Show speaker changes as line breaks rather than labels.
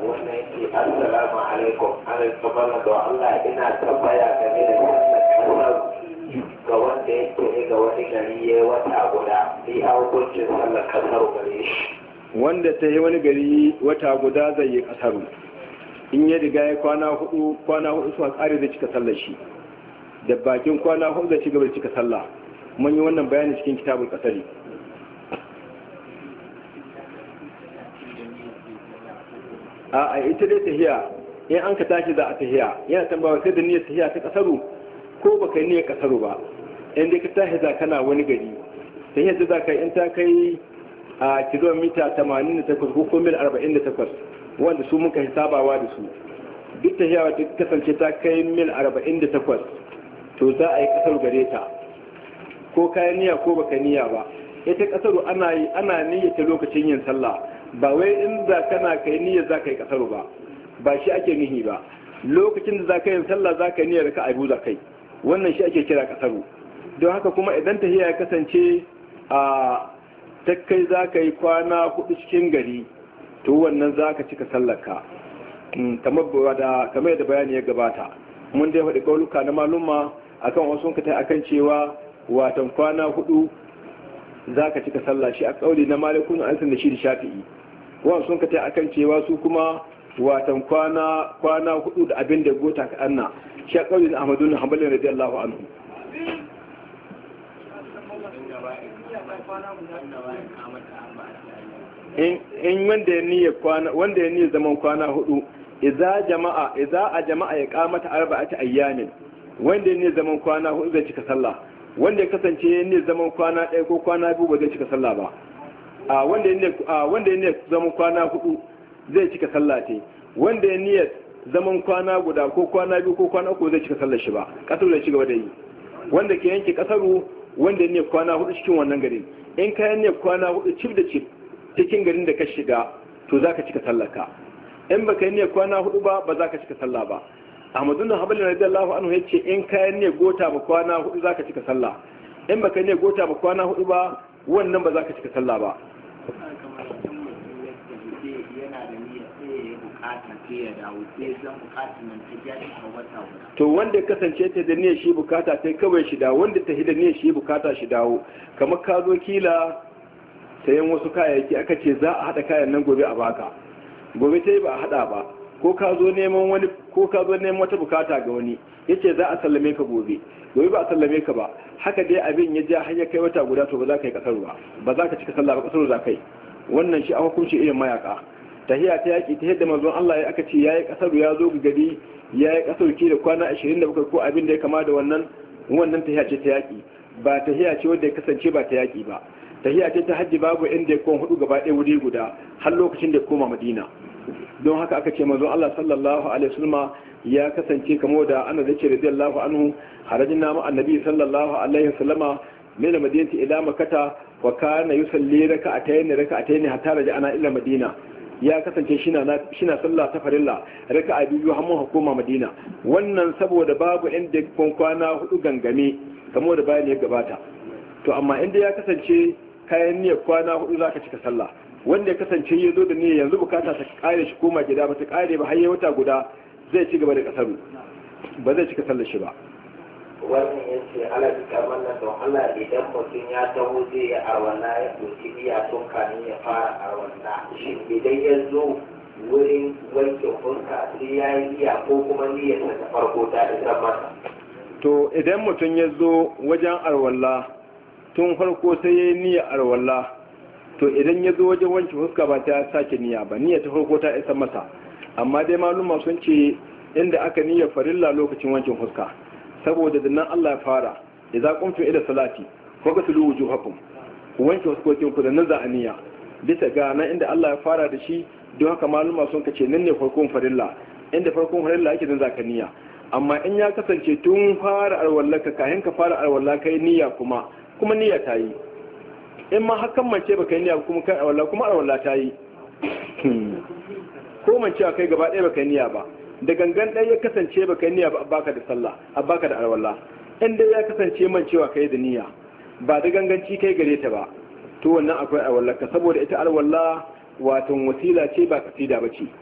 wannan yake assalamu alaikum alaikum da Allah ina tambaya game da wannan kasar ga wanda yake ga wani gari ya yi wata guda sai a hukuncin sallar kasar gare shi wanda ta yi wani gari wata guda zai yi kasaru in ya riga ya kwana hudu kwana hudu suka kare zai cika sallar shi da bakin kwana hudu zai ci gaba da cika sallah mun yi wannan bayani cikin kitabul kasari a ita dai tahiya in an ka tashi za a tahiya yana tambawa sai da niyyar tahiya ta kasaru ko ka yi niyyar kasaru ba in dai ka tashi za kana wani gari tahiyar da za ka in ta kai a kilomita 88 ko mil 48 wanda su muka hisabawa da su duk tahiya ta kasance ta kai mil 48 to za a yi kasar gare ta ko kayan niyya ko baka niyya ba ita kasaru ana yi ana niyyata lokacin yin sallah ba wai in kana kai niyyar za ka yi kasar ba ba shi ake nihi ba lokacin da za ka yi sallah za ka yi niyyar ka aibu za kai wannan shi ake kira kasaru don haka kuma idan ta ya kasance a ta kai za ka yi kwana hudu cikin gari to wannan za ka cika sallarka hmm, kamar yadda bayani ya gabata mun dai faɗi kauluka na maluma akan wasu ka ta akan cewa watan kwana hudu za ka cika sallah shi a kauli na malikun an da shi da shafi'i wa sun ka akan cewa su kuma watan kwana kwana hudu da abin da gota ka anna shi da ahmadu bin hanbal radiyallahu anhu in wanda ya niyya kwana wanda ya niyya zaman kwana hudu idza jama'a idza a jama'a ya kamata arba'ati ayyamin wanda ya niyya zaman kwana hudu zai cika sallah wanda ya kasance ya niyya zaman kwana ɗaya ko kwana biyu ba zai cika sallah ba wanda ya niyar zaman kwana hudu zai cika sallah ce wanda ya niyar zaman kwana guda ko kwana biyu ko kwana uku zai cika sallah shi ba kasar da ci da yi wanda ke yanke kasaru wanda ya niyar kwana hudu cikin wannan garin in ka niyar kwana hudu cif da cif cikin garin da ka shiga to za ka cika sallah ka in baka niyar kwana hudu ba ba za ka cika sallah ba ahmadu da habalin radiyallahu anhu yace in ka niyar gota ba kwana hudu za ka cika sallah in baka niyar gota ba kwana hudu ba wannan ba za ka cika sallah ba to wanda ya kasance ta da niyyar shi bukata sai kawai shi dawo wanda ta da niyyar shi bukata shi dawo kamar ka zo kila sayan wasu kayayyaki aka ce za a haɗa kayan nan gobe a baka gobe sai ba a haɗa ba ko ka zo neman wani ko ka zo neman wata bukata ga wani yace za a sallame ka gobe gobe ba a sallame ka ba haka dai abin ya ja har ya kai wata guda to ba za ka yi kasar ba ba za ka cika sallah ba kasar za kai wannan shi a hukunci irin mayaka tahiya ta yaki ta yadda manzon Allah ya aka ce yayi kasar ya zo gari yayi kasar ki da kwana 27 ko abin da ya kama da wannan wannan tahiya ce ta yaki ba tahiya ce wanda ya kasance ba ta yaki ba tahiya ce ta hajji babu inda ya kon hudu gaba ɗaya wuri guda har lokacin da ya koma Madina don haka aka ce manzo Allah sallallahu alaihi wasallam ya kasance kamo da ana zake radiyallahu anhu harajin namu annabi sallallahu alaihi wasallama min madinati ila makata wa kana yusalli raka'atayn raka'atayn hatta raja ana ila madina ya kasance shi na shi na sallah ta farilla raka a biyu hamun hukuma madina wannan saboda babu inda kwana hudu gangame kamo da bayani ya gabata to amma inda ya kasance kayan niyyar kwana hudu zaka cika sallah wanda ya kasance ya zo da ne yanzu bukata ta kare shi koma gida ba ta kare ba har ya wata guda zai ci gaba da kasaru ba zai cika sallar shi ba wannan ya ce ala duka wannan don Allah idan mutum ya taho zai yi arwana ya ɗauki biya tun kamin ya fara arwana shi idan ya zo wurin wanke fuska sai ya yi biya ko kuma niyyarsa ta farko ta isa masa to idan mutum ya zo wajen arwalla tun farko sai ya yi niyyar arwalla to idan ya zo wajen wanke fuska ba ta sake niyya ba niyya ta farko ta isa masa amma dai malum sun ce inda aka niyya farilla lokacin wankin fuska saboda da nan Allah ya fara idza qumtum ila salati ko faghsilu wujuhakum ku wanke fuskokin ku da nan za a niyya bisa ga nan inda Allah ya fara da shi don haka maluma sun ce, nan ne farkon farilla inda farkon farilla yake nan za ka niyya amma in ya kasance tun fara alwallaka kayan ka fara alwallaka kai niyya kuma kuma niyya ta yi in ma hakan mace baka yi niyya kuma kan awalla kuma awalla ta yi ko mance kai gaba ɗaya baka yi niyya ba da gangan ɗaya ya kasance baka yi niyya ba baka da sallah baka da awalla in dai ya kasance mancewa kai da niyya ba da ganganci kai gare ta ba to wannan akwai awalla ka saboda ita alwalla wato wasila ce ba kasida ba ce